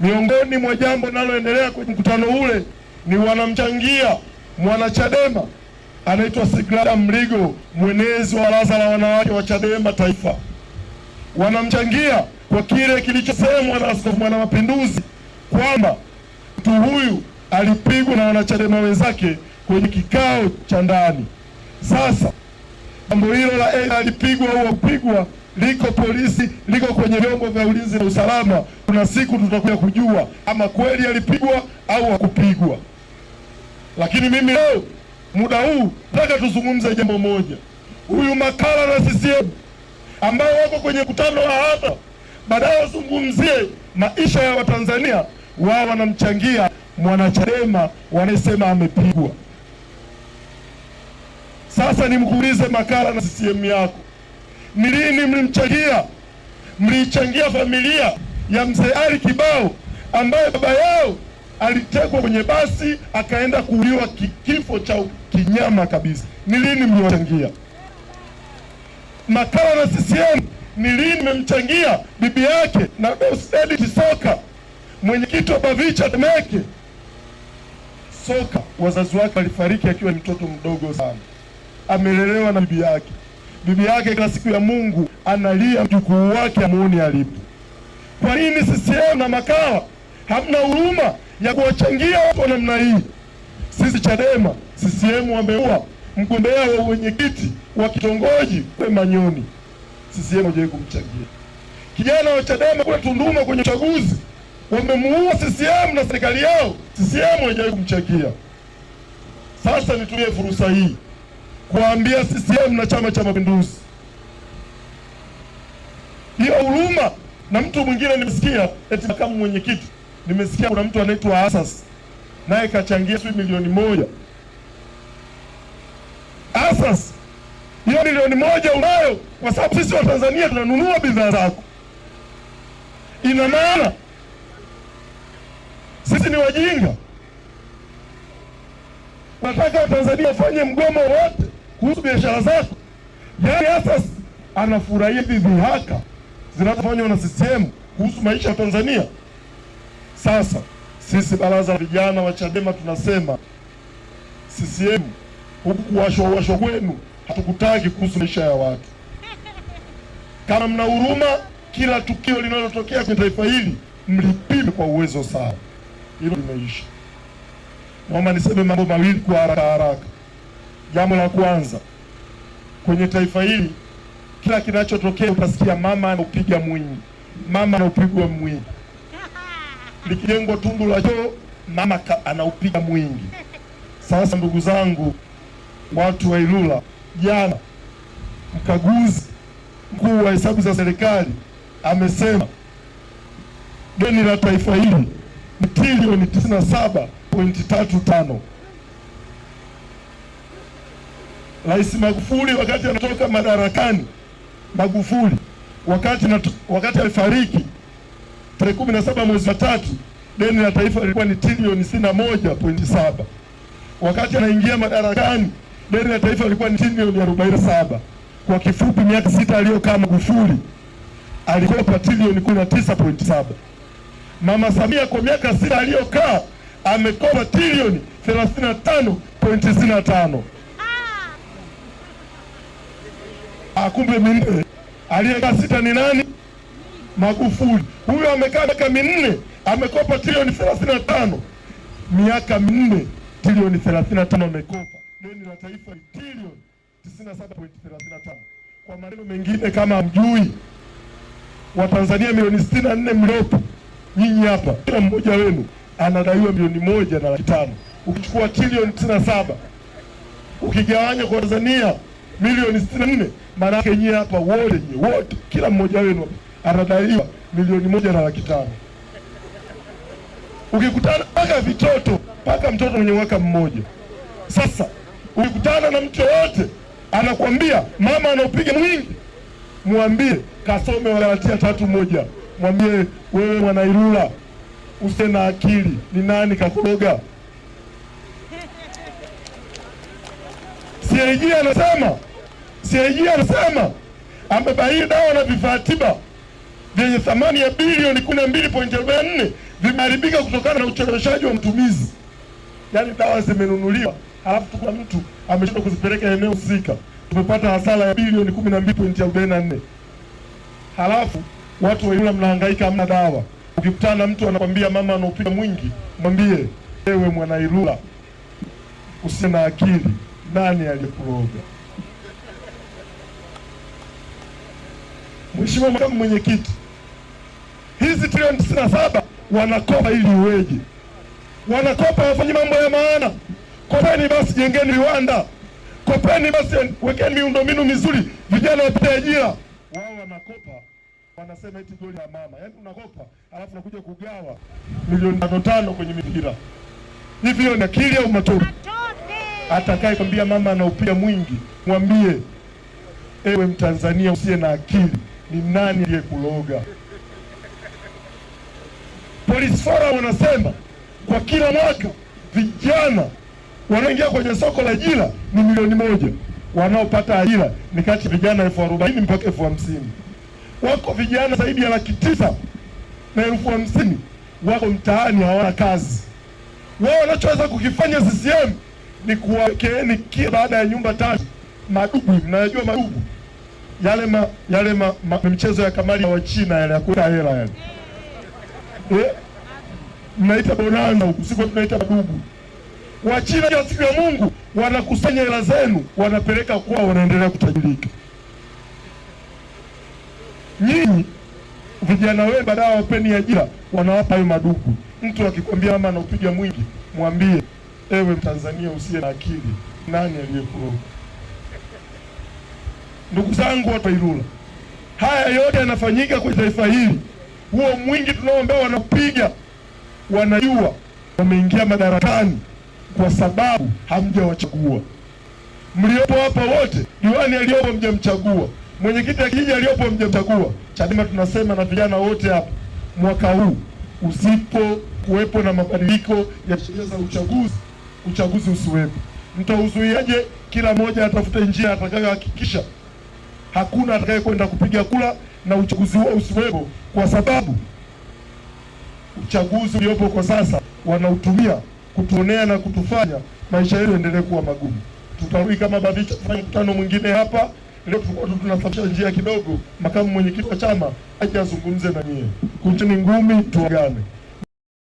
Miongoni mwa jambo linaloendelea kwenye mkutano ule ni wanamchangia mwanachadema anaitwa Sigrada Mligo, mwenezi wa baraza la wanawake wa Chadema Taifa. Wanamchangia kwa kile kilichosemwa na Askofu mapinduzi kwamba mtu huyu alipigwa na wanachadema wenzake kwenye kikao cha ndani. Sasa jambo hilo la alipigwa au kupigwa liko polisi, liko kwenye vyombo vya ulinzi na usalama. Kuna siku tutakuja kujua ama kweli alipigwa au hakupigwa. Lakini mimi leo muda huu nataka tuzungumze jambo moja, huyu makala na CCM ambao wako kwenye mkutano wa hapa baadaye wazungumzie maisha ya Watanzania. Wao wanamchangia mwanachadema wanasema amepigwa. Sasa nimkuulize makala na CCM yako ni lini mlimchangia? Mliichangia familia ya mzee Ali Kibao ambaye baba yao alitekwa kwenye basi akaenda kuuliwa kifo cha kinyama kabisa. Ni lini mliwachangia? Makala na CCM, ni lini mmemchangia bibi yake na Bosedi Tisoka, mwenyekiti wa Bavicha Temeke Soka? Wazazi wake walifariki akiwa ni mtoto mdogo sana, amelelewa na bibi yake bibi yake kila siku ya Mungu analia mjukuu wake amuone alipo. Kwa nini CCM na Makawa hamna huruma ya kuwachangia wapo namna hii? Sisi Chadema, CCM wameua mgombea wa wenyekiti wa kitongoji Manyoni, CCM hajawahi kumchangia. Kijana wa Chadema kule Tunduma kwenye uchaguzi wamemuua CCM na serikali yao, CCM haijawahi kumchangia. Sasa nitumie fursa hii kuambia CCM na Chama cha Mapinduzi, hiyo huruma. Na mtu mwingine nimesikia eti makamu mwenyekiti, nimesikia kuna mtu anaitwa Asas naye kachangia sijui milioni moja. Asas, hiyo milioni moja unayo kwa sababu sisi wa Tanzania tunanunua bidhaa zako. Ina maana sisi ni wajinga? Nataka Watanzania wafanye mgomo wote kuhusu biashara zako. Yaani hasa anafurahia hivi haka zinazofanywa na CCM kuhusu maisha ya Tanzania. Sasa sisi baraza la vijana wa Chadema tunasema CCM, huku kuwashwa uwashwa kwenu hatukutaki kuhusu maisha ya watu. Kama mna huruma, kila tukio linalotokea kwenye taifa hili mlipime kwa uwezo sawa. Hilo limeisha. Naomba niseme mambo mawili kwa haraka haraka. Jambo la kwanza kwenye taifa hili, kila kinachotokea utasikia mama anaupiga mwinyi, mama anaupigwa mwinyi. Likijengwa tundu la choo, mama anaupiga mwinyi. Sasa ndugu zangu, watu wa Ilula, jana mkaguzi mkuu wa hesabu za serikali amesema deni la taifa hili ni trilioni 97.35. Rais Magufuli wakati anatoka madarakani, Magufuli wakati natu, wakati alifariki tarehe kumi na saba mwezi wa tatu, deni la taifa lilikuwa ni trilioni sitini na moja pointi saba. Wakati anaingia madarakani deni la taifa lilikuwa ni trilioni arobaini na saba. Kwa kifupi, miaka sita aliyokaa Magufuli alikopa trilioni kumi na tisa pointi saba. Mama Samia kwa miaka sita aliyokaa amekopa trilioni thelathini na tano pointi sitini na tano. akumbe ah, minne, aliyekaa sita ni nani? Magufuli. Huyo amekaa miaka minne, amekopa trilioni thelathini na tano miaka minne, trilioni thelathini na tano amekopa. Deni la taifa ni trilioni tisini na saba pointi thelathini na tano. Kwa maneno mengine, kama hamjui, Watanzania milioni sitini na nne mliopo nyinyi hapa, kila mmoja wenu anadaiwa milioni moja na laki tano. Ukichukua trilioni tisini na saba ukigawanya kwa Tanzania milioni sitini na nne. Maana yake nyie hapa wote nyie wote, kila mmoja wenu anadaiwa milioni moja na laki tano. Ukikutana mpaka vitoto mpaka mtoto mwenye mwaka mmoja. Sasa ukikutana na mtu yoyote anakwambia mama anaupiga mwingi, mwambie kasome Wagalatia tatu moja, mwambie wewe mwanairula use na akili, ni nani kakoroga? Siejia anasema CAG anasema amebaini dawa na vifaa tiba vyenye thamani ya bilioni kumi na mbili pointi arobaini na nne vimeharibika kutokana na ucheleweshaji wa mtumizi. Yaani dawa zimenunuliwa halafu tukuna mtu ameshindwa kuzipeleka eneo husika, tumepata hasara ya bilioni kumi na mbili pointi arobaini na nne halafu watu wa Ilula mnahangaika, hamna dawa. Ukikutana na mtu anakwambia mama anaupiga mwingi, mwambie wewe mwana Ilula usiye na akili, nani aliyekuroga? Mheshimiwa Makamu Mwenyekiti, hizi trilioni tisini na saba wanakopa ili uweje? Wanakopa wafanye mambo ya maana. Kopeni basi, jengeni viwanda, kopeni basi, wekeni miundombinu mizuri, vijana wapate ajira. Wao wanakopa wanasema eti goli ya mama, yaani unakopa alafu unakuja kugawa milioni tano tano kwenye mipira. Hivi hiyo ni akili au matoro? Atakaye kwambia mama ana upia mwingi, mwambie ewe Mtanzania usiye na akili ni nani aliyekuloga? Polisi Forum wanasema kwa kila mwaka vijana wanaoingia kwenye soko la ajira ni milioni moja, wanaopata ajira ni kati ya vijana elfu arobaini mpaka elfu hamsini Wako vijana zaidi ya laki tisa na elfu hamsini wako mtaani hawana kazi. Wao wanachoweza kukifanya CCM ni kuwawekeeni kila baada ya nyumba tatu madubu. Mnayajua madubu? yale ma, yale ma, ma, mchezo ya kamari wa China yale ya kuta hela yale eh, mnaita bonanza huku, siko tunaita madugu. China ya siku ya Mungu wanakusanya hela zenu, wanapeleka kwao, wanaendelea kutajirika. Nyinyi vijana wenu, baadaye wapeni ajira, wanawapa hayo madugu. Mtu akikwambia mama anaupiga mwingi, mwambie ewe Mtanzania usiye na akili, nani aliyekuoa? Ndugu zangu wa Ilula, haya yote yanafanyika kwenye taifa hili. Huo mwingi tunaoambao wanapiga wanajua wameingia madarakani kwa sababu hamjawachagua. Mliopo hapa wote, diwani aliyopo mjamchagua, mwenyekiti ya kijiji aliyopo mjamchagua. Chadema tunasema na vijana wote hapa, mwaka huu usipo kuwepo na mabadiliko ya sheria za uchaguzi, uchaguzi usiwepo. Mtauzuiaje? Kila mmoja atafute njia atakayohakikisha hakuna atakayekwenda kupiga kura na uchaguzi huo usiwepo, kwa sababu uchaguzi uliopo kwa sasa wanautumia kutuonea na kutufanya maisha yetu endelee kuwa magumu. Tutarudi kama BAVICHA kufanya mkutano mwingine hapa. Leo tulikuwa tunasafisha njia kidogo, makamu mwenyekiti wa chama aje azungumze na nyie. Kucheni ngumi, tuagane.